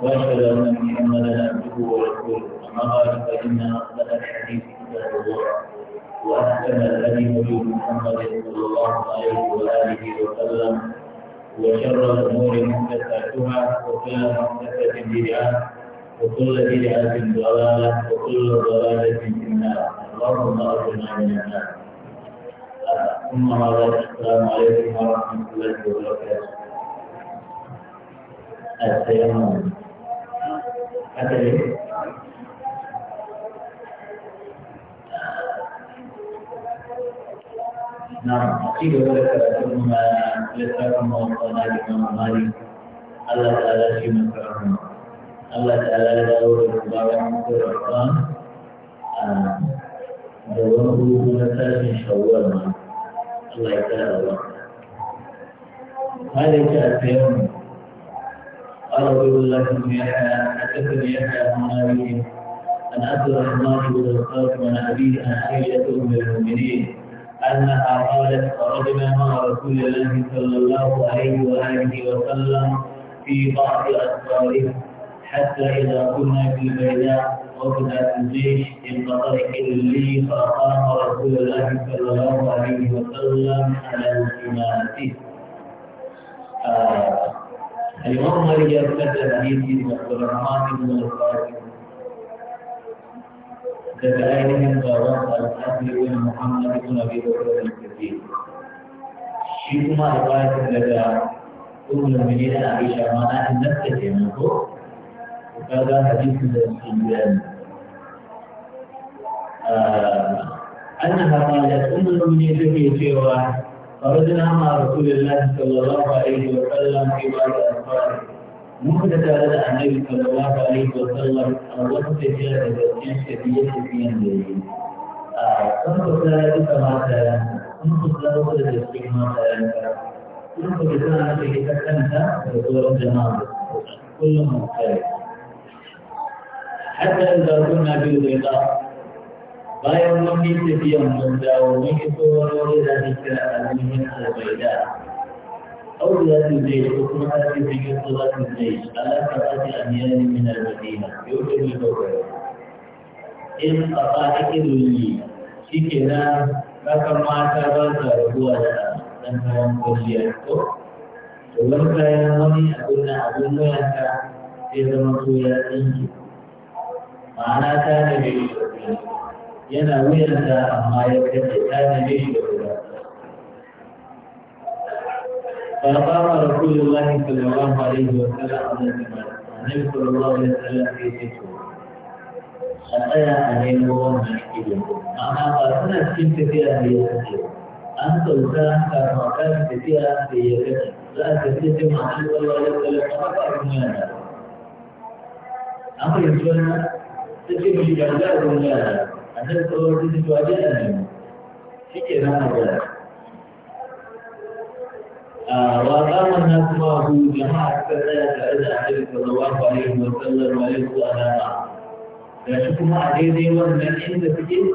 واشهد ان محمدا عبده ورسوله اما بعد فان اصدق الحديث كتاب الله واحسن الهدي هدي محمد صلى الله عليه واله وسلم وشر الامور محدثاتها وكل محدثه بدعه وكل بدعه ضلاله وكل ضلاله في النار اللهم اغفر من النار ثم ما بعد السلام عليكم ورحمة الله وبركاته التيمم أدري نعم أكيد ولك ثم لكم وصلنا الإمام مالك الله تعالى في مكرمه الله تعالى داود مبارك في الرحمن دونه من شوال مالك الله تعالى ذلك يوم قال رجل لكم يحيى أتكم يحيى معاوية أن عبد الرحمن بن القاسم عن أبيه عن عائشة أم المؤمنين أنها قالت خرجنا مع رسول الله صلى الله عليه وآله وسلم في بعض أسفاره حتى إذا كنا في بيداء في الجيش انقطع لي فأقام رسول الله صلى الله عليه وسلم على إمامته. آه، الإمام مالك يرتدى حديث عبد الرحمن بن القاسم كذلك فوضع الحسن بن محمد بن أبي بكر الكثير. شيخ ما رواية لدى أم المؤمنين عائشة معناها نفس الجنة هذا حديث الايام آه، أنها قالت أم المؤمنين في سيرها فردنا مع رسول الله صلى الله عليه وسلم في بعض الأسفار مخدة لدى النبي صلى الله عليه وسلم الوقت جاء بسيط شبية في يده تنقص لها كما تلك تنقص له كل تسليم ما تلك تنقص لها كي تكنت بصور كل مختلف حتى إذا كنا في bayan mun yi tafiyan mun dawo mun yi tsohon wani da ake أو ذات الجيش وكما تأتي في قصة الجيش على سبعة أميال من المدينة يوجد الدولة إن أطاعك ذلي شكرا فكما تبات ربوة لأن ينقل لي أكتب كان يمني أكون أبو مياك في زمن ma'ana ta neme shi da kuɗi yana wuyarsa amma ya kace رسول الله صلى الله عليه وسلم على الجمال النبي صلى الله عليه وسلم في سيته أتيا عليه هو مشكلة معنى قاتنا فيها هي كثيرة أنت الزام كما كانت فيها هي كثيرة لا تفيد مع النبي صلى الله عليه وسلم فقط أمنا أمر يسولنا تجيب لي جزاء ولا أنا أقول لك تواجهني في كذا هذا وقام الناس معه جماعة كذلك إذا أحد صلى الله عليه وسلم ويقول أنا معه لا شكو ما عديدي ومن عند فكر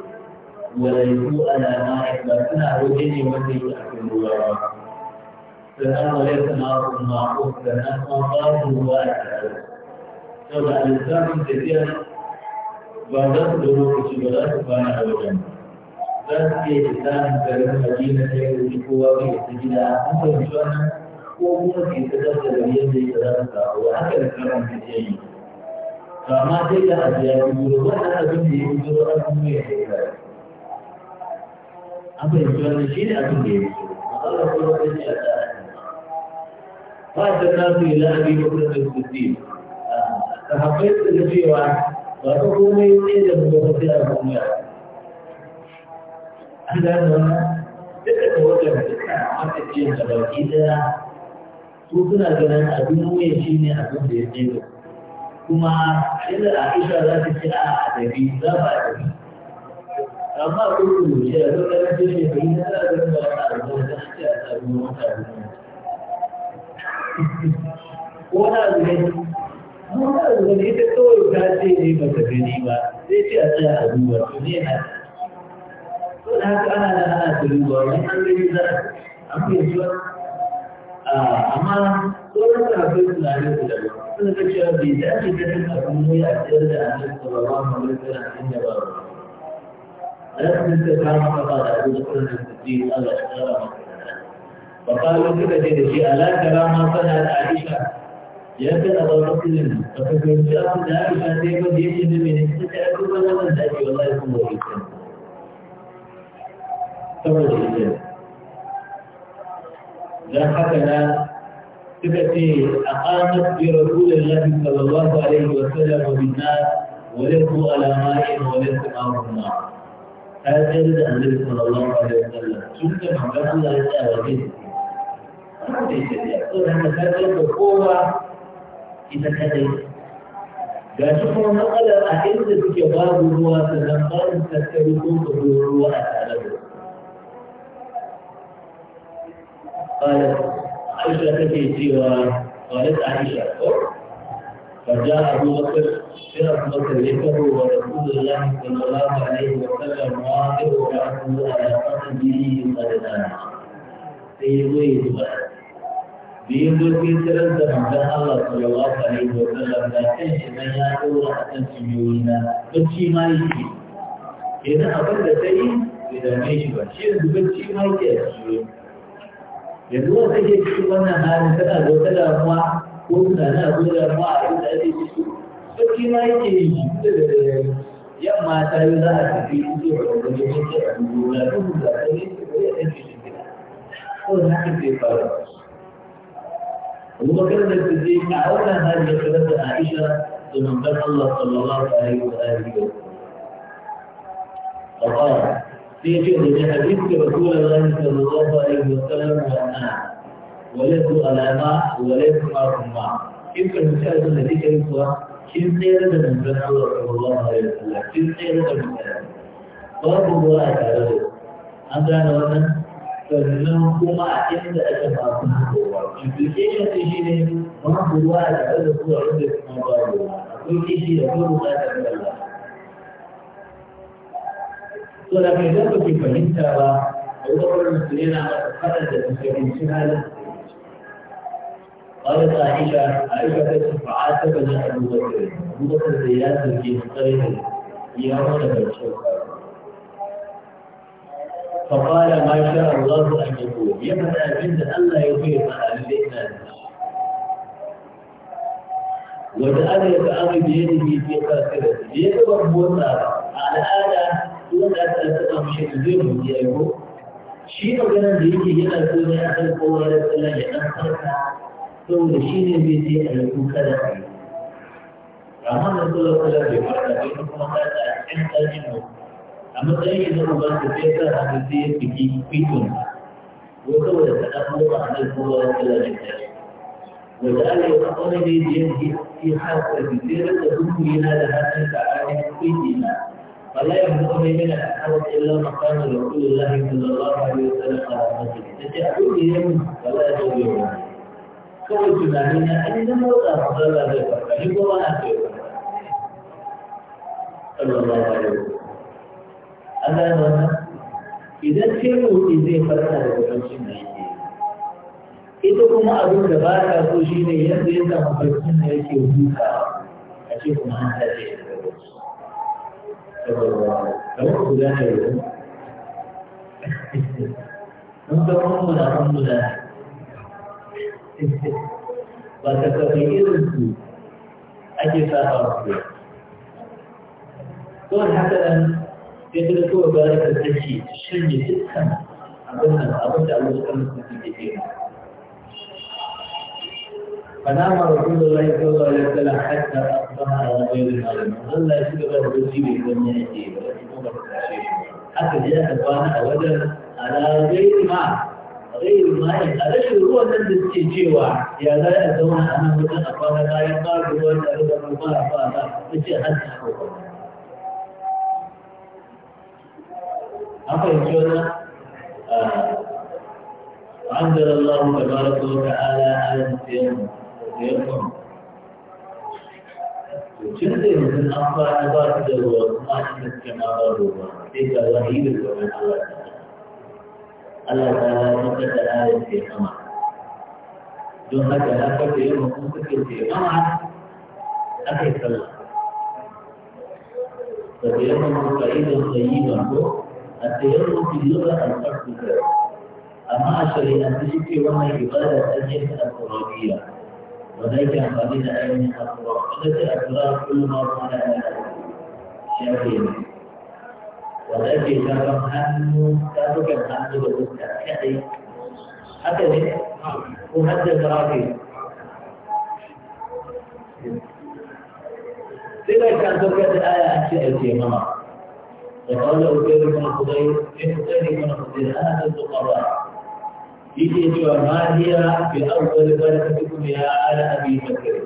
ولا يقول أنا معك لكن أعوجني ومن يأكل الله فأنا ليس معكم معروف فأنا أقام وأتعلم. شوف الإنسان كثيرا ba za su da lokaci ba za su kwana a wajen za su iya isanin garin madina ta yi wuce kowa gida an fahimci wannan ko kuma su isa da gari yadda ya za su kawo haka da karan ta ce yi ba ma sai da ajiya ta gudu wannan abin da ya gudu an kuma ya kai an fahimci wannan shi ne abin da ya gudu matsalar kuma ta ce a tsara ba ta nasu ila abin da kuma ta gudu sahabbai su da cewa ba ta komai ne da mu ba sai a duniya an da nan duka da wata duka aka ce da baki daya su suna ganin abin wuya shi abin da ya tsero kuma inda Aisha za ta ce a adabi za ba adabi amma kun rubuce a kan ganin ce ne bai na da ganin a rubuce da ce a tsarin wata ko na zuwa wanda ita kawai ta ce ne ba ta gani ba sai ce a tsaya a duba to ne na to da haka ana da ana ta duba wani an gani za a fahimci ba amma sauran kafin tunanin su da suna ga cewa bai dace ta cin abin ne a tsayar da babban sallallahu alaihi wasallam inda ba ba dan sun ta kama kafa da abin da kullum da su ji Allah ya kara masa وقالوا كده دي شيء لا ترى ما صنعت عائشه ya kan abubakarin a kasance abu da aka sha ne ba da yake da mai suka yi kuma na nan daji wallahi kuma wani kan saboda ita don haka na suka ce a ƙanar bi rasulun lafi sallallahu alaihi wa sallam wa binna wale ku alama'in wale su ma'amuna ta tsayar da annabi sallallahu alaihi wa sallam sun da mangan Allah ya tsaya wa ne. Wanda ya ce, "Ya, tsoron da ta tsayar da kowa ita kadai ga shi kuma matsala a inda suke babu ruwa sannan babu tattari ko tsoro ruwa a tare da قالت عائشة تكي سوى قالت عائشة فجاء أبو بكر شرف بكر يكره ورسول الله صلى الله عليه وسلم واقف وعنه على قصده قد نام سيقول da ya zo sai tsirar da manzan Allah sallallahu alaihi wa sallam da kan shi nan ya ɗora a kan cinyoyi na bacci ma yake kenan abin da ta yi bai dame shi ba shi yanzu bacci ma yake a cinyoyi yanzu wata ke cikin wannan halin tana zo ta damuwa ko tunanin a zo damuwa a inda ake ciki bacci ma yake yi da yamma ta yi za a tafi zuwa wani wajen da a dubu na dubu da ta yi da ya ɗan shi shi gida ko na ake faruwa وهو كان الصديق أعلن هذه الكلمة عائشة لمن قال الله صلى الله عليه وآله وسلم فقال في من حديث رسول الله صلى الله عليه وسلم وأنا ولست على ما ولست معكم ما كيف المشاهد الذي كيف كيف سيرة من بين الله صلى الله عليه وسلم كيف سيرة من بين الله فأبو الله تعالى أنت أنا sannan kuma inda aka samu kowa implication ɗin shi ne babu ruwa da ɗaga zuwa wanda kuma ba ruwa akwai kishi da kuma buƙatar Allah so da kai zan kake fahimta ba a wurin su yana masa fada da musulunci halin قالت عائشة عائشة فعاتبني أبو بكر أبو بكر زياد بن قيس يا ولد الشوكة فقال ما شاء الله أن يكون ya جدا ألا يطيق الإيمان وجعل يتعامل بيده في قاصرته بيده مربوطة على هذا دون أن تتقم شيء زين بيده shi maganar da yake yana so ne a kan kowa da sallah ya ɗan farka saboda shi ne zai je a yi kuka da kai. Rahman da kuma a ɗakin mutum. a matsayin da uban da sai ta haka sai ya fiki fikon ko saboda ta ɗan ruwa a nan kowa ya kala da ta wanda ala yau a wani ne da yin fi haka da sai rika dukkuri na da hannun ka a kan fiki na wala ya mutu mai yana da hawa illa makamu da kullum lahi sallallahu alaihi wa sallam a rahmatu da ce abin da ya mun wala ya zo yau kawai tunanin na an yi zama wata a zai farka ni kowa na sai farka sallallahu alaihi wa sallam an gane wannan idan sai motsi zai farka daga baccin da yake ita kuma abin da ba ta so shi ne yadda ya samu baccin da yake huta a ce kuma an tashi daga bacci kamar ku za ta yi mun ga mun muna mun muna ba ta kafa irin su ake sa ba ku ko haka nan sai da kowa ba da kasance shanye dukkan abin da abin da Allah kan su ke ke فنام رسول الله صلى الله عليه وسلم حتى أصبح على غير المعلم الله يشكر له بالجيب يكون يأتي حتى جاء أبانا أودا على غير ما غير ما أرش هو ذنب التجيوة يا لا أدوان أنا مدن أبانا لا يقال هو أن أبانا أبانا أبانا أبانا أبانا أما يقول آه، أنزل الله تبارك وتعالى على السيم وسيمكم وشنو من أخبار عباد الله ما كما قالوا تلك الوحيد من الله تعالى الله تعالى نزل آية السيمة دون هذا لا فرق يوم كنت في السيمة أكيد الله فسيمكم بعيدا طيبا التيمم في اللغة الفرق ذلك أما شريعة في وما عبادة أجهزة الترابية وذلك قبيل أين الأطراف التي أطراف كل ما قال شافين وذلك كفر أنه كفك الحمد لله هكذا وهذا ترابية لذلك كان تركت الآية عن شيء وقال أبي بن خضير احترم بن خضير أنا في الفقراء يجي سوى ما هي في أول بركتكم يا آل أبي بكر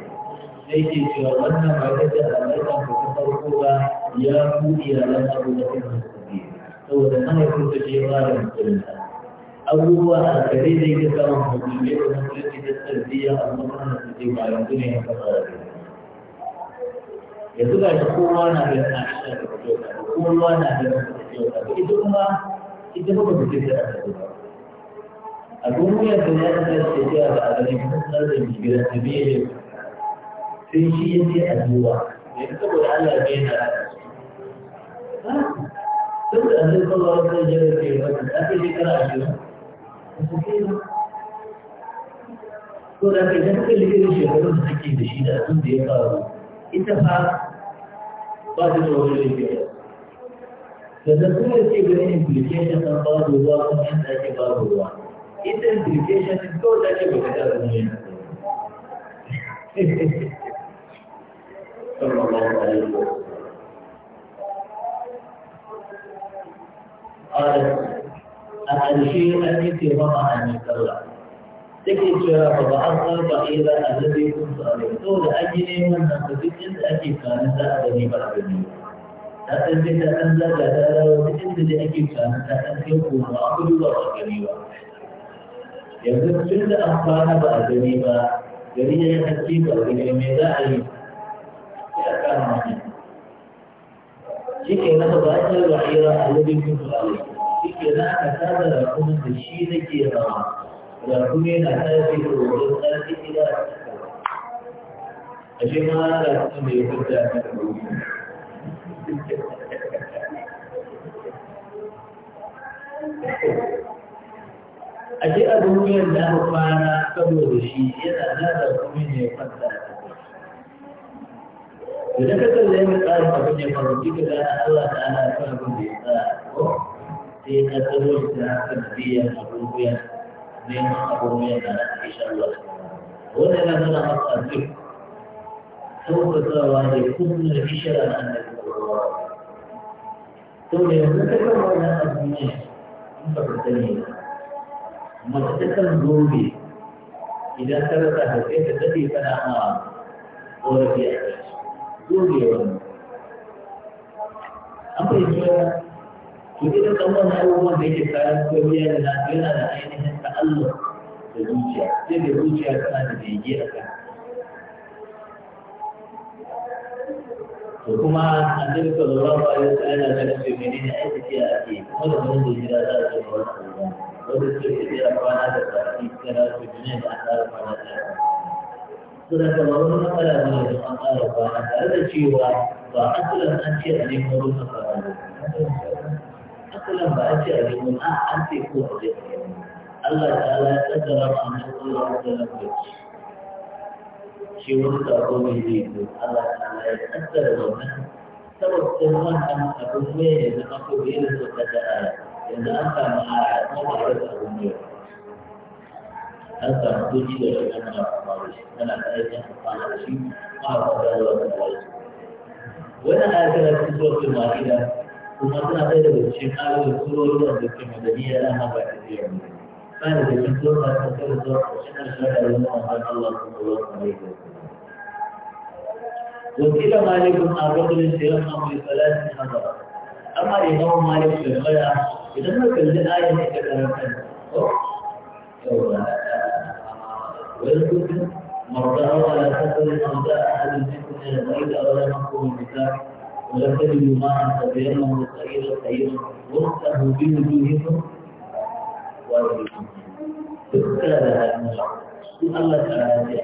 يجي سوى وأن بعدتها لكم فتفرقوها يا بني لنا أبو بكر الصديق سوى أنا كنت شيطانا مثلها أبوها كذلك كما مسلمين ومسلمين التربية المرأة التي يعلمونها فقالوا yanzu ga shi kowa na da yana shi da kyauta kowa na da yana ita kuma ita kuma ba ce da ta a duniya da ya ta ce ta da a garin da mai gidan ta biye ne sai shi ya ce a duwa yanzu saboda Allah bai na saboda an zai kawo wata jere da ya wata ta fi shekara ashirin ko da kai ta fi shekarun da take da shi da abin da ya faru ita fa قادر وجل في هذا فالنسبة تبقى implications عن بعض الله ومن ذلك بعض الله إذا implications كل ذلك بكتاب المجينة صلى الله عليه وسلم قال أهل شيء أن يتبقى عن الله take cewa ba ba an san ba ila annabi kun su alai to da an yi neman nan da duk inda ake kanin za a gani ba a gani ta san sai ta san zaga ta dawo duk inda dai ake kanin ta san kai ko ba a kudu ba a gani ba yanzu tun da an fara ba a gani ba gari ya yi haske ba a gani me za a yi ya kama ne shi ke nasa ba a yi ra'ayi ra'ayi kun su alai shi ke na aka tada da kuma da shi nake rawa da kuma yana ƙarfi da wajen ƙarfi gida a cikin a shi ma ana da ya da a shi a duniyar da aka kwana saboda shi yana nada kuma ne ya da ka kalle mai tsarin abin ya faru duka da Allah ta ana kan abin da ya tsara sai ya kasar da aka biya من قومي أنا إن شاء الله ولا لا نرى أصلا فيه سوف ترى هذه كل العشرة أن ثم يتكلم على أبنائه مستقبلين مستقبل جوبي إذا ترك هذه التي فنها ولا في أحد جوبي ولا أما إذا كنت تقوم على أول بيت الكلام كبير لنا كنا نعينها Allah da zuciya sai da zuciya tana da bege a kan to kuma annabi sallallahu alaihi wasallam yana da cewa menene aiki ke ake kuma da wani da jira za a ce ba wanda suke tafiya kwana da tsaki kana su duniya da an tsara kwana da ya suna da wani matsala ne da an tsara kwana tare da cewa ba a asalin an ce a neman ruwan kwana ba asalin ba a ce a nemo an ce ko a jirgin Allah ta'ala ya kaddara ma annabi sallallahu alaihi wasallam bacci shi wani sako ne zai zo Allah ta'ala ya kaddara wannan sababin wannan abin ne ya zama ko bai da so ka da aya yanzu an samu aya ko ba da abin ne an samu kuci da shi ana faru shi kana da aikin amfana da shi ba ka da wani wani wannan aya tana cikin suratul ma'ida kuma tana ɗaya daga cikin ayoyin surorin da ke madaniya ana ba ta biyar mutum فهذا جميل كل ما تذكر الدرس وشنا شهادة لنا عن الله صلى الله عليه وسلم وكيل مالك عن رجل سيرحم بثلاث نظرات أما الإمام مالك في الغلا إذا ما كل آية تكررت ويذكر مرضاه على سفر مرضى أحد منكم من المريض أو لا مقوم بذلك ولم تجدوا ماء فتيمموا سعيدا سعيدا وامسحوا بوجوهكم أولادكم فكلا لها المسعود الله تعالى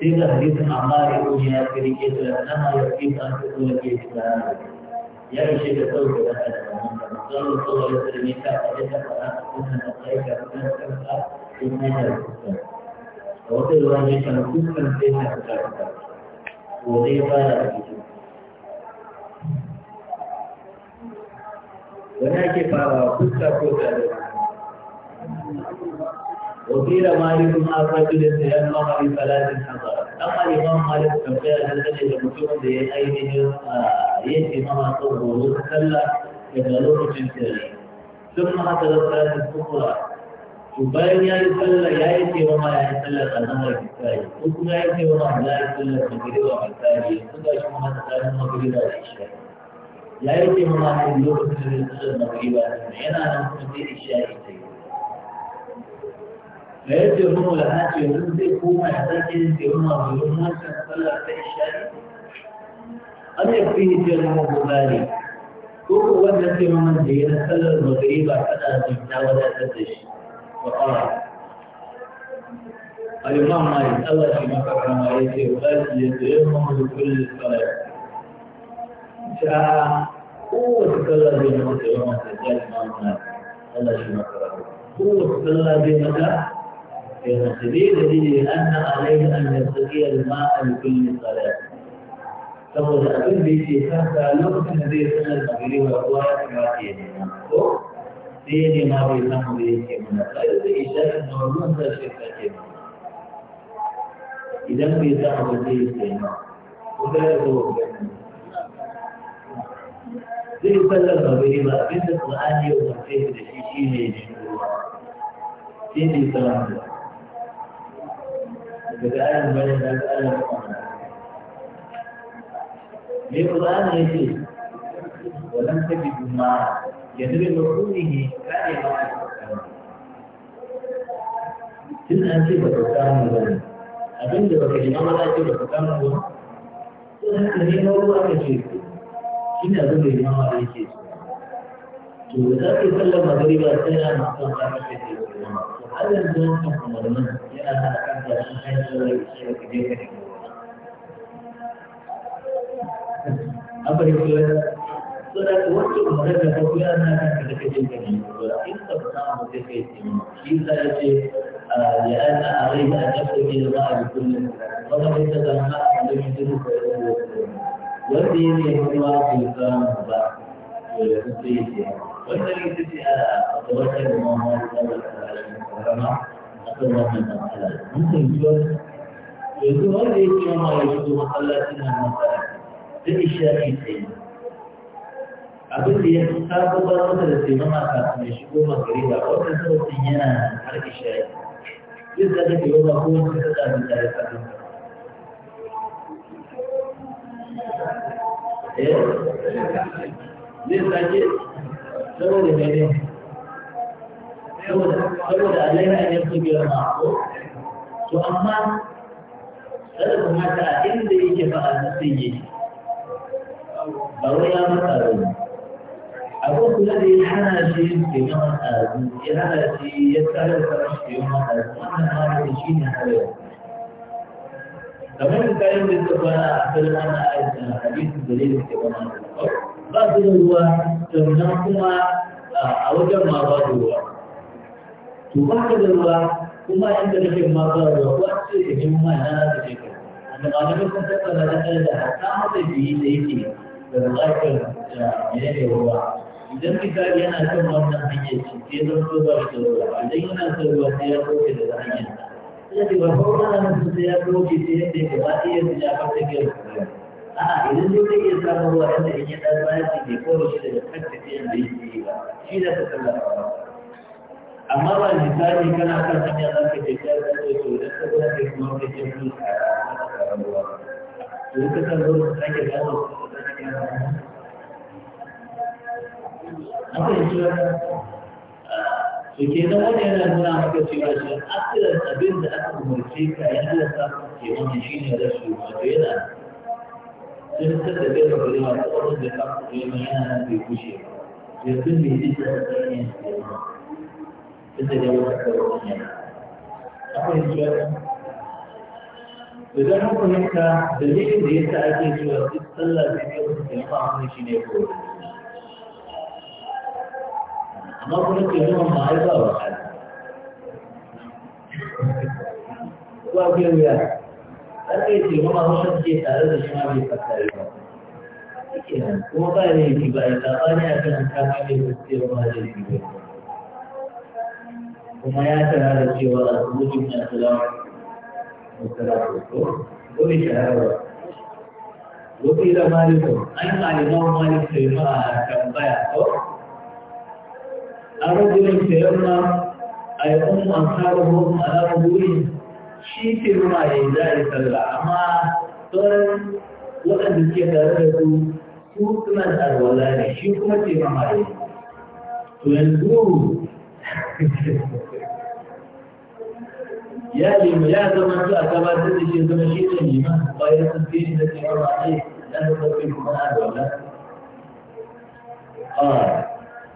سيدة حديث أعمال الدنيا في رجيت لأنها يكفيك أن تكون في إسلام يا رشيد سوف لها قال الله صلى الله عليه وسلم يكفى لك فأنت كنت نقيك فأنت كنت إنك الكفر وفي الواجهة الكفر فيك الكفر وضيفا لك ولكن فأنا كنت أقول وقيل مالك الرجل رجل تيمم بثلاث حضرات اما امام مالك تنبيه ان الذي يمكن باينه ياتي مما صبر ويتسلى من سيره ثم حصل الثلاث الكبرى وبين يا يسلى يا يتي وما يا يسلى الامر في الثاني يا يتي وما لا يسلى المغرب والكفايه وكم شو ما تسلى المغرب والعشاء يا يتي وما يسلى المغرب والعشاء انا انا مسلم الشاهد فيدي هم لها في يومزي كوما يحتاجين في يوم ويوم وانسان صلى في الشارع أم يكفيه في يوم مبالي كوما وانا في يوم زينا صلى المغرب حتى زمنا ولا تدش وقال الإمام مالك الله كما كرم عليه وقال يدعوهم لكل صلاة شاء قوة صلى بين مكة ومكة الله كما كرم قوة صلى بين مكة سبيل سبيله لأن عليه أن يستطيع الماء لكل صلاة فقد أقول بي في خمسة لوقت النبي صلى الله عليه وسلم وهو ما يدينا دين ما بينهم بيتمنا فإذا إشارة نورون تشفتهم إذا بيتهم بيتمنا وكذا هو في sallama bai ba abin da Qur'ani ya umarce shi da shi shine ne daga ayan bayan da ga ayan me ku ne tafi kuma yanzu tajidu ma yadri maqunihi kana ma tun an ce ba ka samu ba ne da ba ka ji ma za ce ba ka samu ba to haka ne ma ruwa ka ce shi ne abin da ma yake so to za ka yi sallar magariba sai na mutum za ka ce ke kuma to har yanzu wannan umarnin yana hana kanka shi kan sallar isha ka je ka nemo abin kula so da ka wacce umarnin da ka ya na kanka ka je ka nemo in ka fi samu sai ke yi nemo shi sa ya ce لأن عليه أن يخرج إلى الله بكل ya يتزمع لم ya ويقول والدين هو في الإسلام بعد ويقول والذي تجاء أتوجه الله تعالى أسأل الله من الحلال ممكن يقول يقول هذه اليوم يجد محلاتنا المسائل في الشافعي سيدنا abin da ya ta gudanar masa da taimama kafin ya shigo magari ba wata sautin yana harki shayi duk da take yau ba ko wata ta zaɓi tare da abin zai sake saboda dare saboda Allah yana yin su biyar na ko to amma kada kuma ta inda yake ba a nasin yake ba wai ya masa rauni abin kula da ya hana shi bai ga masa ya hana shi ya tsara da shi bai ga masa rauni wannan ma da shi ne harewa kamar da kayan da suka fara a kalmar na aisha hadisin da ne da ke ba masa rauni ba su da ruwa sannan kuma a wajen ma ba su ruwa to ba su da ruwa kuma inda kake ma ba ruwa ko a ce da nemi ma na ce ka Wanda ba da kusa sun kala da ɗaya da hatta matafiyi da yake da da ya yi ruwa idan ka yana kan wannan hanyar ci, ke zan so ba shi da ruwa idan yana son ruwa sai ya koke da hanyar sai ya ce ba ko ana nan sai ya kauce sai yadda ya ba, ɗaya ya fi ya fata gina a idan dai zai iya samun ruwa yadda in ya ɗan zafi bai koro shi daga kan tafiyan da yake yi ba shi da ta tallafa ba amma ba misali kana kan hanya za ka je ka yi to idan ka gudan da kuma ka je kuma ka samu ruwa to ka san ruwa ka sake gano ka sake gano an fahimci wannan to ke nan wani yana nuna maka cewa shi asirin abin da aka umarce ka ya halatta ke wannan shi ne rashin wato yana جنسة تبيع الرياض تأخذ بحق يميانا في كشي يكون به جنسة تبيع تتجاوز الدنيا أقول السؤال إذا ممكن أنت دليل ليس أكيد شو تصلى في يوم القيامة عن شيء يقول أنا أقول لك يوم ما يبغى واحد وأقول وياك karka yi ce kuma hausar ce tare da shi ma bai fassari ba kenan ko ba ne ki ba ya tsabani a kan kama mai gaskiya ma da shi ba kuma ya tara da cewa a rubutun na salamu musalamu ko ko bai shahara ba lokaci da malikun an malimau malik sai ma a tambaya ko a rajulin sayan ma a yi umu an karo hukun ala rubutun shi ke nuna ya yi za a amma sauran waɗanda suke tare da su su suna da alwala ne shi kuma ce mama ya to yanzu ya limu ya zama su a gabatar da shi zama shi ne liman bayan sun fi da ce mama ne dan da sauƙi kuma na alwala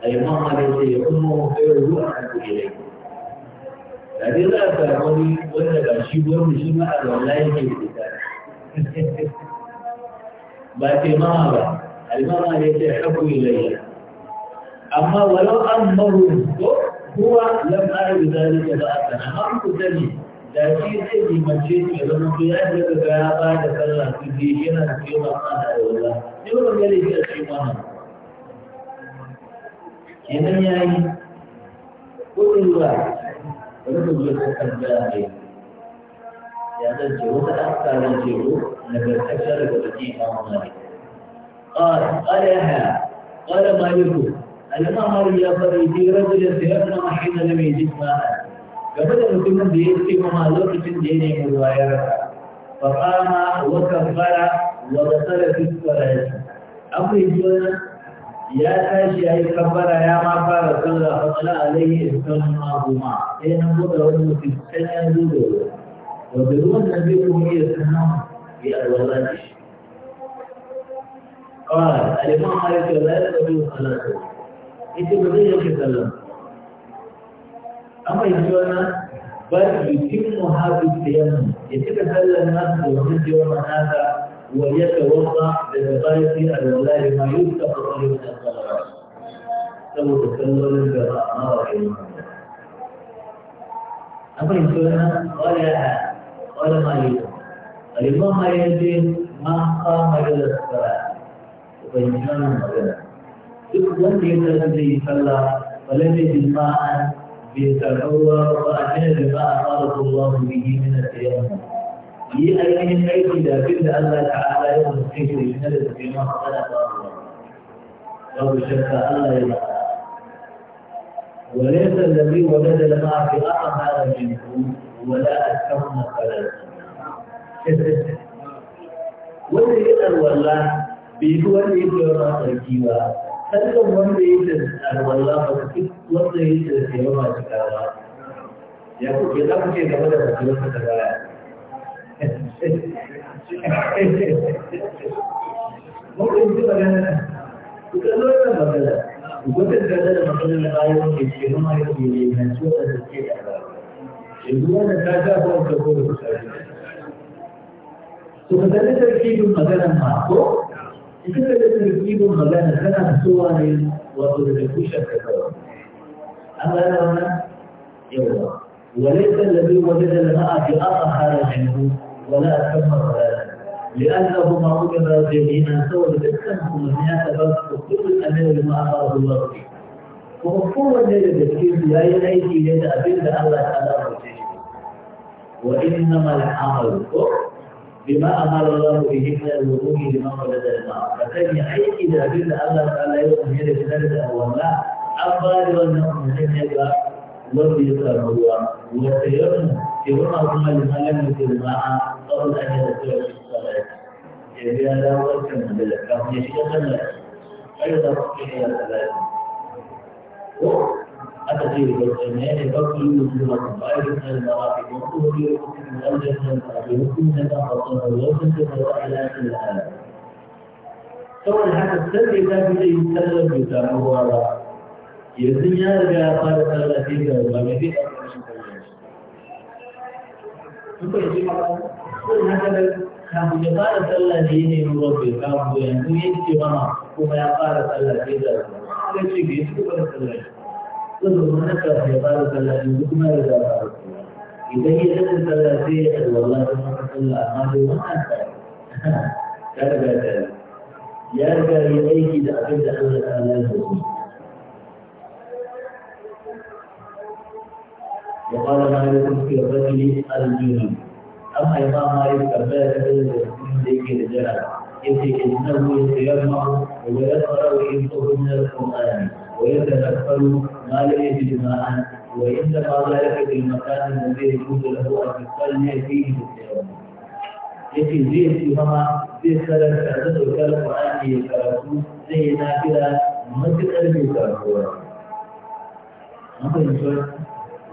a liman ma ne ce ya kuma kai ruwa a cikin Tare za a samu wani wanda ba shi gwamna shi ma a zaune yake fita. Ba taimama ba, almama ne ce haku ilayya. Amma walau an maru ko kuwa lam arabi zalika ba a sana. Amma ku sani da shi zai limance shi ya zama ya daga gaya ba da sallah su je yana cewa ana da wala. Ne ba ga laifi a cikin wannan. Kenan ya yi kuɗin ruwa Wani mu ko kukan zahiri ya zan ce wata aska zan ce ko nagartacce daga baki imamu malik قال قال يحيى قال مالك الامام مالك da فري في رجل سيرنا حين لم يجد ماء قبل mutumin da ya ce kuma lokacin da ya nemi ruwa ya rasa فقام وكبر وبصر في الصلاه أخرج يا أشياء أي يا ما كبر كل خلا عليه كل ما بما إن هو دور مسكين دور ودور النبي هو يسمع يا الله إيش قال أي ما هاي كلا تبي خلا تبي إنت بدي يوكي كلا أما يجونا بس يتم هذا الكلام يتكلم الناس ويجونا هذا ويتوضا بوقايه الولاء ما يفتح به من الضررات لو تكلم بما رحمه الله أما يسوعنا ولا قال ما يسوع الإمام ما يجي ما قام إلى الصلاة وبينما مجلس يقدم يتلذي صلى ولم يجد ماء بيتحول وأتى بما أمره الله به من التيمم yi ainihin aiki da abin da Allah ta'ala ya mutu shi ne na da tafi ma fara ba babu shakka Allah ya ba وليس الذي ولد لما في أعمى منكم ولا أكثر ثلاثة wanda ya tsarwalla bai fi wanda ya fiye wa tsarki ba sannan wanda ya tsarwalla ba su fi wanda ya tsarki ba masu kawa ya kuke za ku ce game da wasu wata ta baya ممكن تبقى جنة وكذلك بدلا وكنت بدلا مثلا لغاية يشكلونها يوم ينسوها تسكيل أحباب يقولون الناجاة هو تقول وكذلك تركيب مثلا معكم وكذلك تركيب مثلا سنة سوى وتدركوش التكرار أما أنا يوم وليس الذي وجد الماء في آخر منه ولا أتم ولا لأنهما وجب جميعا سوى بأسهم الناس بس كل الأمر لما أمره الله به ومفهوم الليل بالكيف لا يأتي يد أبن الله تعالى وجهه وإنما العمل بما أمر الله به من الوضوء لما ولد الماء فكان يأتي يد أبن الله تعالى يوم يد جنرد أولا أفضل وأنه من هكذا وفي الأرواح وسيرنا يقرأهما لما لم يكرها قبل أن يذكر في الصلاة يبي هذا هو الكمل لكن يشتغل أيضا إلى ثلاثة أتدير بالجميع يبقي وجوهكم وأيضا المرافق وقوه يوقفكم والجنة المرافقكم كما قصنا الوزن وإلى كل هذا سواء هذا السر إذا بدأ يتسلم يتعبه وراء يزن يرجع قال ثلاثين وما بدأ suka yi maka ya fara sallah ne ne yin rabbi kafin yanzu ya ce kuma ya fara sallah sai da sai ce ga yake fara sallah sai da wannan kafin ya fara sallah yanzu kuma ya riga fara idan ya zama sallah sai ya ce wallahi kuma sallah amma dai wannan ka riga ta ya riga ya aiki da abin da Allah ta lalata وقال مالك في الرجل الجنون أما إذا مالك فبالك من ذيك الجنة يتي إنه يتيمم ويقرأ إنه من القرآن ويتنفل ما ليس جماعا وإنما ذلك في المكان الذي يجوز له أن يصلي فيه بالتيمم يتي زي إمام zai karanta da dokar Qur'ani ya karatu zai yi nafila matuƙar bai karatuwa.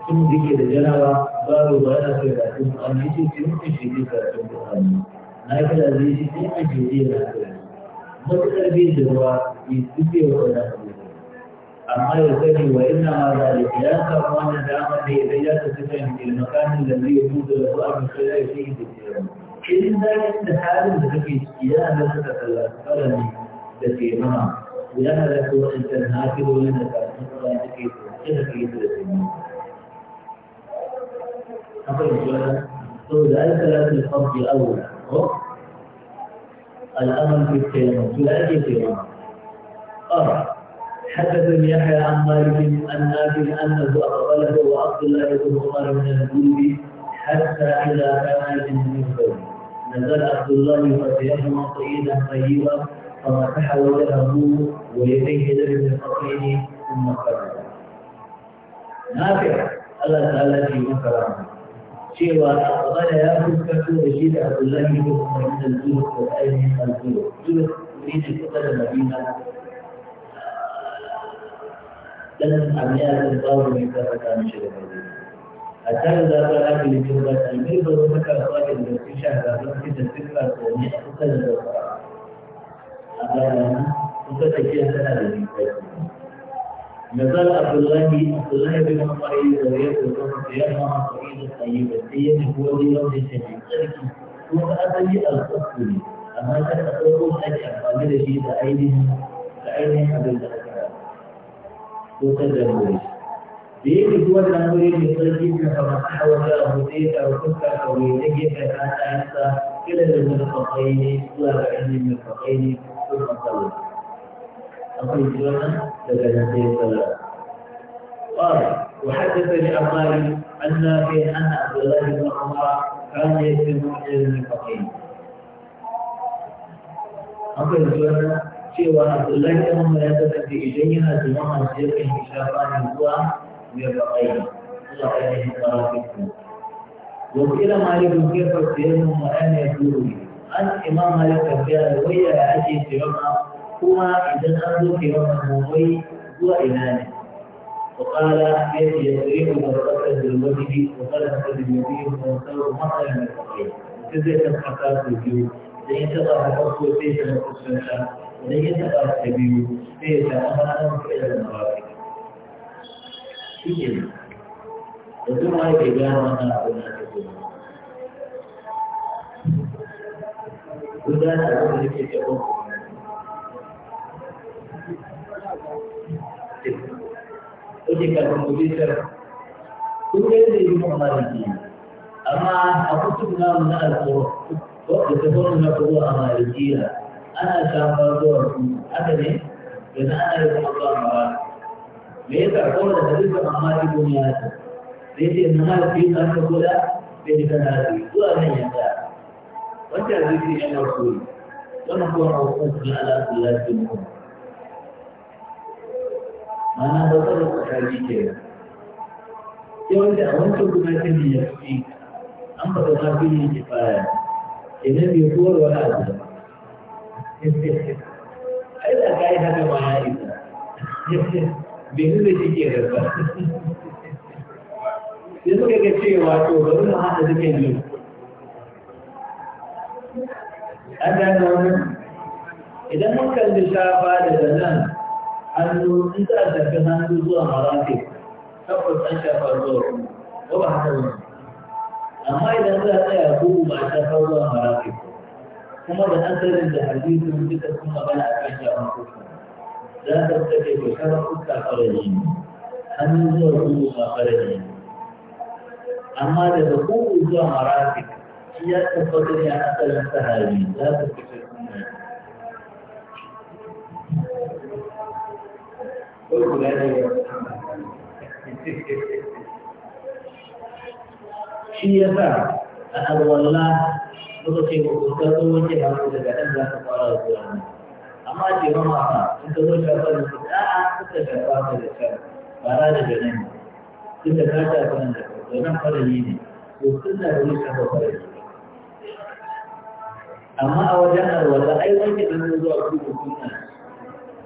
sun da yake da jarawa babu ba yana kai da sun an yi ce sun fi shi ne karatun Qur'ani na yi kada zai shi sun fi shi ne na kai matuƙar bai da ruwa ya suke wa wannan abubuwa amma ya sani wa ina ma zalika ya samu wannan dama da ya zai ya tafi kan ilmakanin da zai hudu da zuwa mutum ya shi da jirawa irin zai da halin da kake ciki yana da suka tallafa da ke nama ya halatta waɗancan na fi rolin da kafin tsoron da ke tsoron da ke tsoron أولئك في الفرد أولى الأمل في التيمم أولئك تيمم قال حدثني يحيى عن مالك أن نافع أنه أقبله وعبد الله بن عمر من الجند حتى إذا كان من الجنوب نزل عبد الله فتيمم صعيدا طيبا فمسح وجهه ويديه لبن الفقير ثم قال نافع الله تعالى في مكرمه cewa bada ya fuskanto da shi da abdullahi ko kuma da zuwa ko ainihin alzuwa zuwa ne ne kusa da madina dan amiyar babu mai karanta mishi da madina a tare da ba za ka yi ba ta mai ba wata kasuwa da da su sha gaban fitar duk kasuwanni a kusa da zafa a bayan kusa da kiyar tana da jikin نزل عبد الله عبد الله بن عمر يزوريه وكما قيامها صعيدا طيبا هي هو دي لون الشديد تركي هو أبي القصري أما كان أن يعمل شيء بعينهم بعينهم أبي الأكرام وتدبر ليه هو الأمر اللي تركي أو كنت كويتك فكان أنت المرفقين ولا علم المرفقين ثم صلوا أقول فلانا لك قال وحدثني أخاري أن في أن عبد الله بن عمر كان يسلم إلى المتقين أقول فلانا في عبد الله بن عمر يتفتي إلينا جماعة في شافعي هو ويبقين الله عليه الصلاة والسلام وكلا مالك كيف سيدنا مرانا يقول لي أن إمام مالك كان ويا أجي في يوم هو إذا أنظر في مقامي هو إمامي وقال أحمد يقريب بركة بالوجه وقال عليه وسلم مطر من الفقير كذلك الحقاق الجود لن يتقى الحق كيف نقصها ولن يتقى السبيل كيف أمانا إلى المراكب شيء وثم يبان أنا أقول لك ce kafin ku bisar kun ga yadda yi kuma maliki amma a kutub na mu na alƙawar da tafiyar na kuwa a malikiya ana shafar zuwa su haka ne yanzu ana yi kuma zuwa mawa me ya karɓar da hadisin amma ta duniya ta sai ce na malafi kan ta kula sai ta kana su zuwa nan yanzu wanda zai ce yana so wannan kuma a wasu ala Allah ya ce mu ana matsalar tsakani da nan yawan da a wancan guda ta ne ya fi an faɗa ma fi ke kifaya idan bai kowar wani abu ba ai da ka yi haka ma ya isa bai nuna shi ke rarra sai suka ga cewa to bari mu haɗa duka biyu an gane wannan idan mun kalli shafa daga nan hannu in za a tafi hannu zuwa marafi tabbas an shafa zuwa ko ba haka wani amma idan za a tsaya gugu ba a shafa zuwa marafi kuma da nasarar da hadisin duka sun magana a kan shafan fuska za ta tafi ko shafa fuska faraji ne hannu zuwa gugu ma faraji ne amma daga gugu zuwa marafi shi ya tabbatar ya asalin sahabi za ta fito قلت لا shi ya sa a alwallah muka ce ba kusa zo wanke hannu daga nan za ka fara zuwa nan amma ce ba ma fa in ka zo shafa da su a'a suka shafa ka da can bara da ganin duk da ka shafa nan da kai nan farali ne to sun na da wuce ba farali amma a wajen alwallah ai wanke hannu zuwa kuma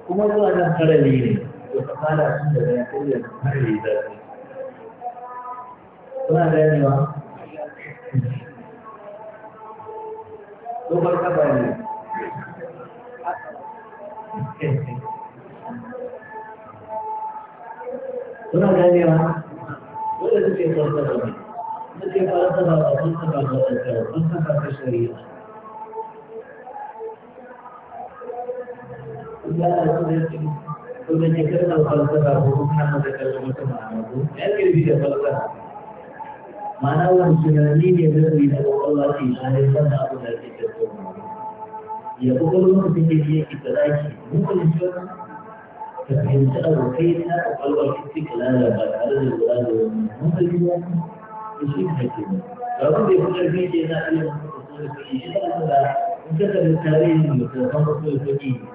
kuma zuwa nan farali ne to ka fara tun daga ya karya ka yi zafi kuna ganewa dogon kaba ne kuna ganewa wanda suke farfara ne suke farfara ba sun saba ba sun saba ta shari'a Yeah, I kuma ne kalmar falsafa ko kuma na da kalmar wata a ko ya kirbi da falsafa ma'ana wani tunani ne da zai da kwakwalwa ce ne wannan abu da ke tattauna ya kwakwalwa mutum ne ya ke tsaraki mun fahimci wannan ka fahimci abokai na kwakwalwa ki ci kalala ba tare da lura da wani mun fahimci wannan shi ka ke ba ga wanda ya fi ƙarfi ke na iya mutum da su da su yi shi da aka da in ka kalli tarihin kuma kan wasu da su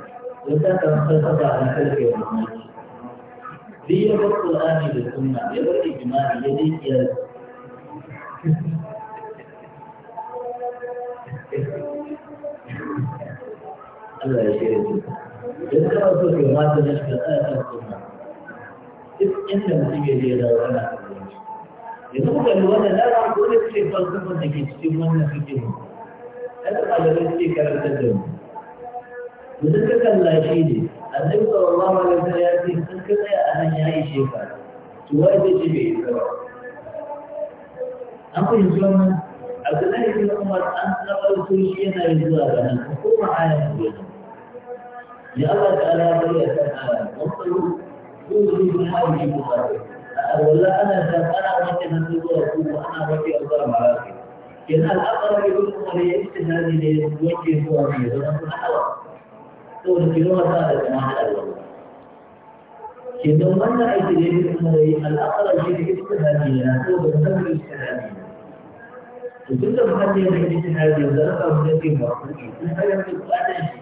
وذاك خلق على خلق الرحمن في يد القرآن والسنة يد الإجماع يد يد الله يشهد يذكر رسولك ما تنشك آية القرآن إذ أنت مسيح يد وأنا yanzu kuka lura da na ramu يا ce falsafar da ke cikin wannan fikihu. Ɗan ɗalibai suke karantar da mu. da ka kalla shi ne annabi sallallahu alaihi wasallam ya ce in ka tsaya a nan ya yi shekara to wai zai ce bai isa ba an fahimci wannan abdullahi bin umar an tsabarto shi yana yi zuwa ga nan ko kuma ayan da ya Allah ta'ala ya bari a kan ayan wasu ruhu ana hajji kuma ولا انا انا وجه النظر وانا وجه النظر معاك لان الاقرب يكون هو يجتهد لوجه هو zuwa ونحن احوط saboda kinuwa ta da kana halal wannan kenan wannan aiki da yake kuma yi al'akara shi da ita da ne na saboda kan da ita da ne to duk da kan da yake ita da ne da ka mu da kai ba ku ne sai da ku ba da shi sai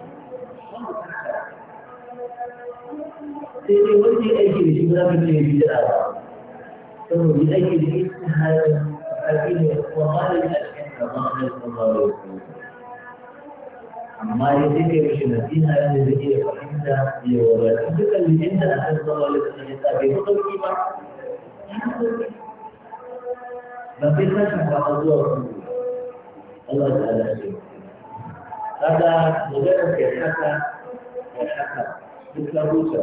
dai wanda ya aiki da shi ba za mu ce bi da ba saboda ya aiki da ita da ne وقال الأشهر ما أنزل الله amma ya sai kai mishi nasiha yadda zai iya fahimta ya wara in duka lijin da aka zama wani kasan ya sa bai sauki ba ba sai ka shafa a zuwa ku Allah ta ala ce kaga magana kai haka kai haka duk ka rusa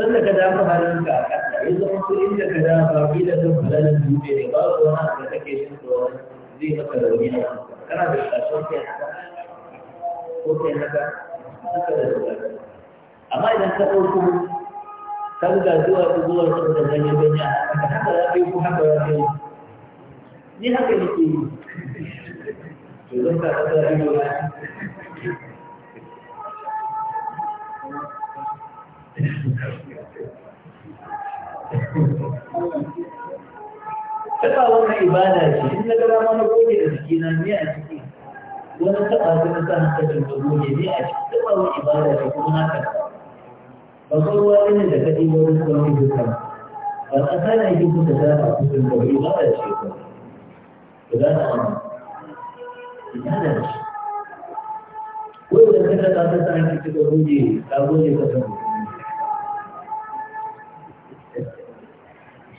sannan ka dafa halinka a ƙasa ya zama su inda ka dafa kila sun falalar dutse ne ba su wani da kake shi tsoron zai maka rauni a kana da buƙatuwar kai haka ko kai haka suka da buƙatu amma idan ka ɗauko ka buga zuwa ta zuwa da ganye ganye haka haka za ka yi ko haka za ka yi ni haka nake yi to zan ka Thank you. taɓa wannan ibada ce in na gara ma na goge da jiki na ne a ciki wani taɓa ta na sa hankalin da goge ne a ciki taɓa wani ibada ce kuma haka. taɓa ba kowa ne da kaɗi wani tsoron dukkan ba a sana yi kuka ta a kusurin da wani ibada ce ba ba za ta amma ibada ce wai da kada ta ta sa hankalin da goge ta goge ka sanu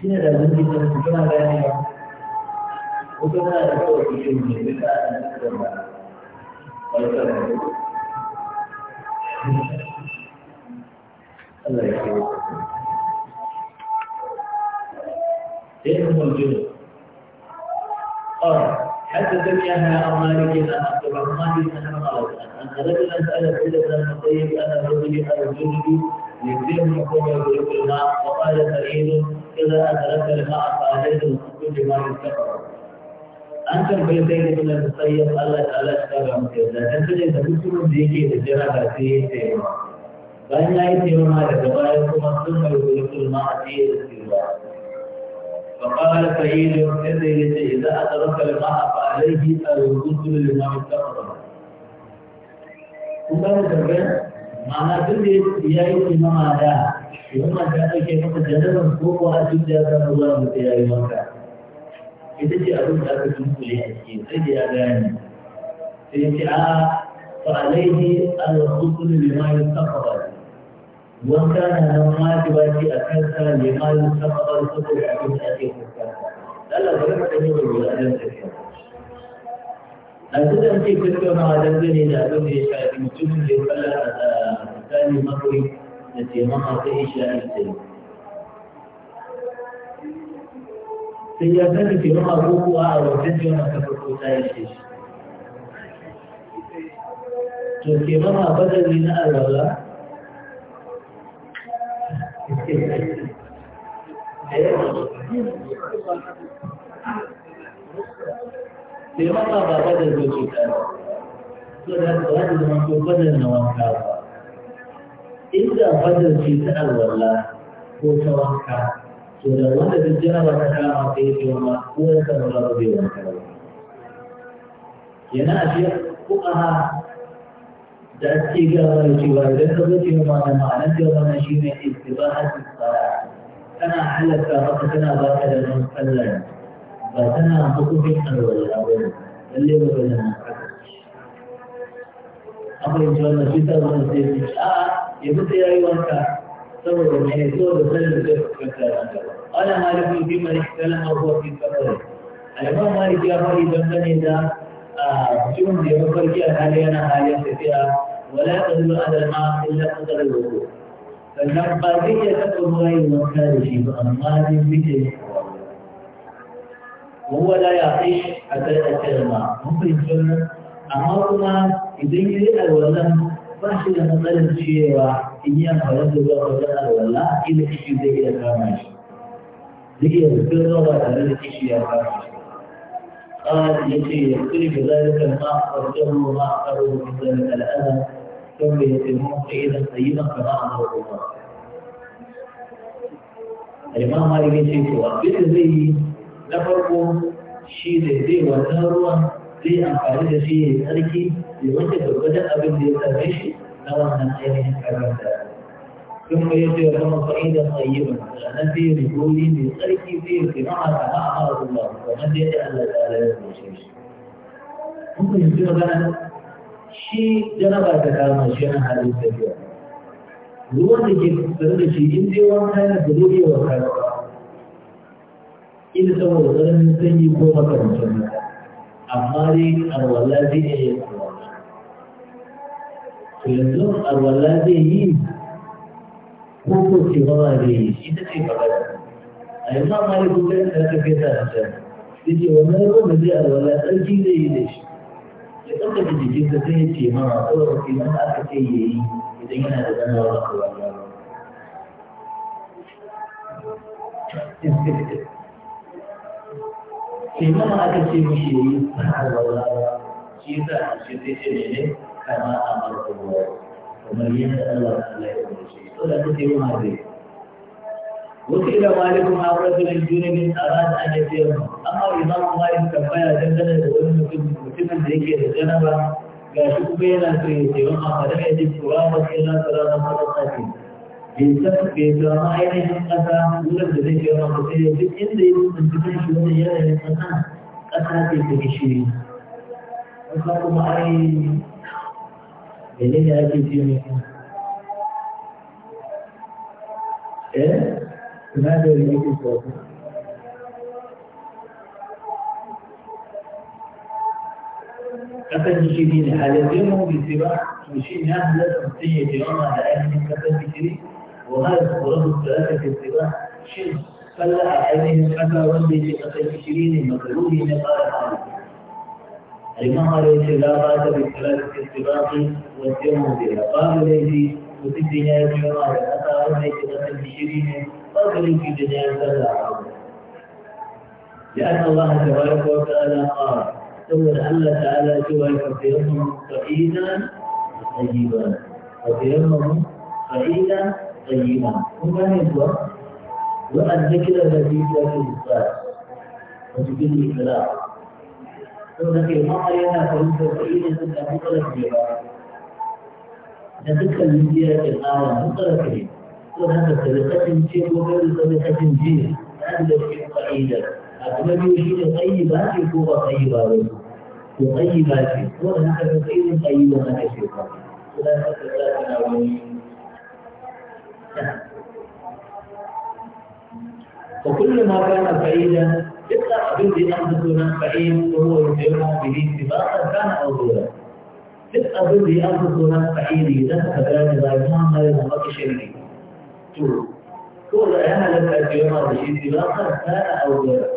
shi ne da zunji da su gina gane ba wata mana da kawai kishin ne duka a nan da ba ƙarfar da Allah ya kawo ɗaya mun jini قال حدثني انا عن مالك ان عبد الرحمن بن عمر ان رجلا سال سيدنا المطيب انا رجلي او جندي يكرمكم ويبلغ الماء وقال سعيد إذا أدرك الماء فأجد المسجد ما يتكبر أنت البيتين من المسيب الله تعالى اشتغل مكيزا انت أن تكون ديكي تجرى هذه تيما فإن أي تيما ما يتبايكم ثم يبلغ الماء فيه الاستيواء فقال سعيد إذا أدرك الماء فعليه الوصول لما يتكبر. Kumpulan terbaik ma'ana duk da ya yi imama da yamma ta ake maka jarabar ko ko a duk da ya zama zuwa mu ya yi maka ita ce abin da aka tunkule a ciki sai da ya gane sai ya ce a fa alaihi al-rusul lima yusafara wanka na nan ma ba ce a kansa lima yusafara saboda abin da ake fuskanta Allah bari mu danyi wa ruwa dan tafiya أنت أنتي كنت ما دبني إذا دبني شايف مكتوب في ولا ثاني مروي التي ما فيه شايف سيد سيادتي في ما أبوه أو تدري ما تفرقوا شايف سيد تركي ما بدل لنا ولا Thank you. sai maka ba badar ba ce ta so da haka za ta zama ko badar na wanka ba inda badar ce ta alwala ko ta wanka to da wanda duk jaraba ta kama sai ya ce ma ko ya san ba zai wanka ba yana a ce ko aha da ake gawa da cewa idan ka zo ce ma da ma'anar da wannan shine istibahatu sala kana halaka maka kana baka da nan sallar ba tana hukumin alwala ba lalle ba ba na akwai ji wannan shi ta zuwa sai ce a yanzu sai ya yi wanka saboda mai ne so da sanin da suka kanta ana maliki bi mai kalan abuwa fi kafare alimar maliki ya fari dangane da mutumin da ya mafarki a hali yana halin tafiya wala ya ƙazu a dalma illa ƙasar da sannan ba zai iya taɓa ruwa yin wanka da shi ba amma zai fice وهو لا يعيش حتى يأكل الماء ممكن يقول أما كما إذا يري الولا باش إذا مثلا شيء إني أنا ولد ولا الولا إلا كشي زي إلى كامش زي يذكر الله ولا إذا كشي يا كامش قال يجي يختلف ذلك ما والجمع وما أكثره من ذلك الأذى ثم يتمون سيدا طيبا كما أمره الله الإمام مالك يجي هو بيت na farko shi ne zai wannan ruwan zai amfani da shi ya tsarki da wuce gwargwadon abin da ya same shi na wannan ainihin karar da sun mai yadda ya zama fa'idan tsayiban sannan zai yi gori mai tsarki zai yi firama da ma'amara Allah kamar da ya yadda Allah ta ala ya zuce shi. Mun fahimci magana shi jaraba ta kama shi yana halin tafiya. Ruwan da ke tsare da shi in dai wanka yana da zai yi wanka ina saboda tsananin sanyi ko makarantar amma dai arwala zai iya yin arwala to yanzu arwala zai yi ko ko ce mama zai yi shi ta ce magana a yanzu amma dai kuma yana da kafin sa da can ya ce wannan ruwan da zai arwala tsarki zai yi da shi ya tsarkake jikinsa sai ya ce mama saboda ke nan aka ce ya yi idan yana da ganin wani arwala ba. imam aka ce mishi yi alwala shi sa a ce sai ce ne kama a marka ruwa kamar yadda Allah ta ya umarci to da take yi ma zai wasu ila malikun haɓarsu da junibin tsara da ake ce amma imam malik tambaya dangane da wani mutum mutumin da yake da janaba ga shi kuma yana so ya ce wani amma da ya ce kuwa ba sai na tsara na mara bai zama ainihin ƙasa wurin da zai kai maka sai duk inda ya tsinci kan shi wani yanayin ƙasa ƙasa ce ta gishiri ƙasa kuma ai menene ake ce mai eh sinadari yake sauka kasar gishiri ne halayyar mu bai ba to shi ne halayyar mutum ya je yana da ainihin kasar gishiri وهذا القرآن الثلاثة في اتباع شرك فلا عليهم حتى ربي في أقل عشرين مكروه قال خالد الإمام عليه لا بأس بالثلاثة في السباق والسيوم بها قال ليدي وفي الدنيا كما أتى أمري كما بشرين قال لي في الدنيا فلا لأن الله تبارك وتعالى قال ثم أن تعالى جوعك فيمهم صعيدا طيبا وفيمهم صعيدا طيبا وما يدوى والذكر الذي يأتي الصلاة وتجد الإخلاص ثم في مقرنا فإنت سعيدة مطلق بها نتلك المدية الآن مطلق بها وهذا صدقة شيء وغير صدقة جيد هذا شيء بعيدا أكمل شيء طيبات فوق طيبات وطيبات وهذا شيء طيب ما كشفه ولا تتساءل سنة وكل ما كان بعيدا إلا أن أنفسنا بعيد وهو يشعرنا به سباقا كان أو دورا إلا أن أنفسنا بعيد إذا كبرنا ذلكم ما يهمك شيء تقول كل أهل لك يشعرنا به سباقا كان أو دورا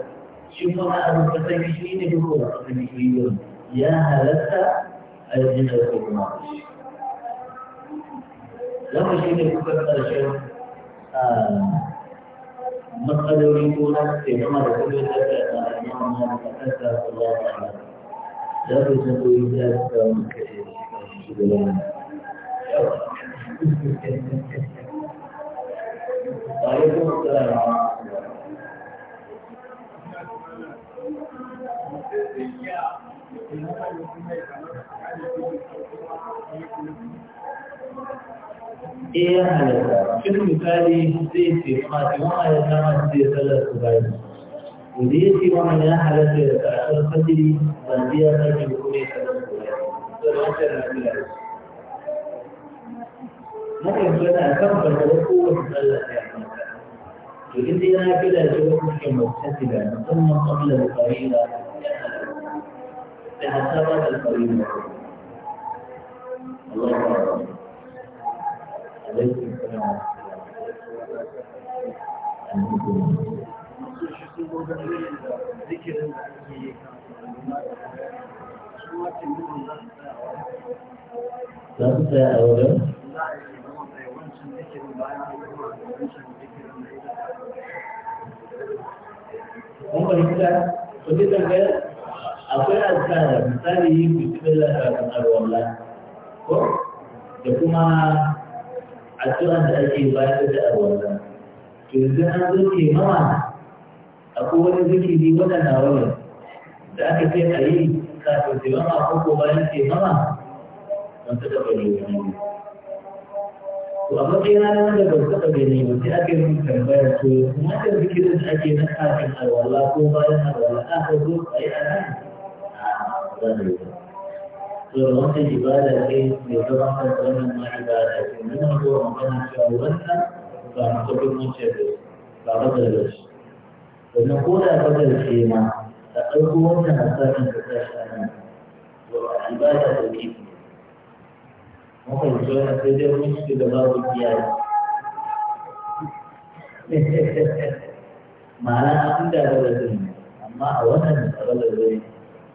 شوفوا ما أنا فتنشين بكورة فتنشين يا هلسة الجنة والمعرش zama shi ne kuka ƙarshen matsaloli ko na ke zama da kuma da ta da al'amma na kasar Allah ta'ala da ku san ko yi da ta muka ce shi da lamu alaikum assalam Yeah. eh ya halatta cikin misali zai ce kuma ce wani ya kama zai sallar su bayan inda ya ce wani ya halatta da ƙarshen fasiri ban zai ya sake kuma ya sallar su bayan sai wancan na biya mutum suna kan fasara kowace sallar ya kama to inda yana kira shi wani cikin mutum da musamman kwamlar ƙarira da hasabar da ƙarira Allah ya alaikum kudi akwai misali bismillah ko da kuma addu'an da ake bayar da alwala to yanzu an zo ke mama akwai wani zikiri wanda na wani da aka ce a yi kafin ke mawa ko ko bayan ke don ta taɓa yi wani to a matsayin na wanda su taɓa gani wani ake aka yi mun tambaya to wanda zikirin da ake na kafin alwala ko bayan alwala aka zo a yi a nan ba zan yi to ibada ce mai zaman kanta wannan ma ibada ce wannan ko magana cewa wannan ba mutum mace da ba bazar da shi wannan ko da bazar ce ma da ɗauko wannan hasashen da ta shi nan to ibada da ke mun fahimci wannan sai dai mun shi da babu kiyaye ma'ana an da bazar ne amma a wannan bazar ne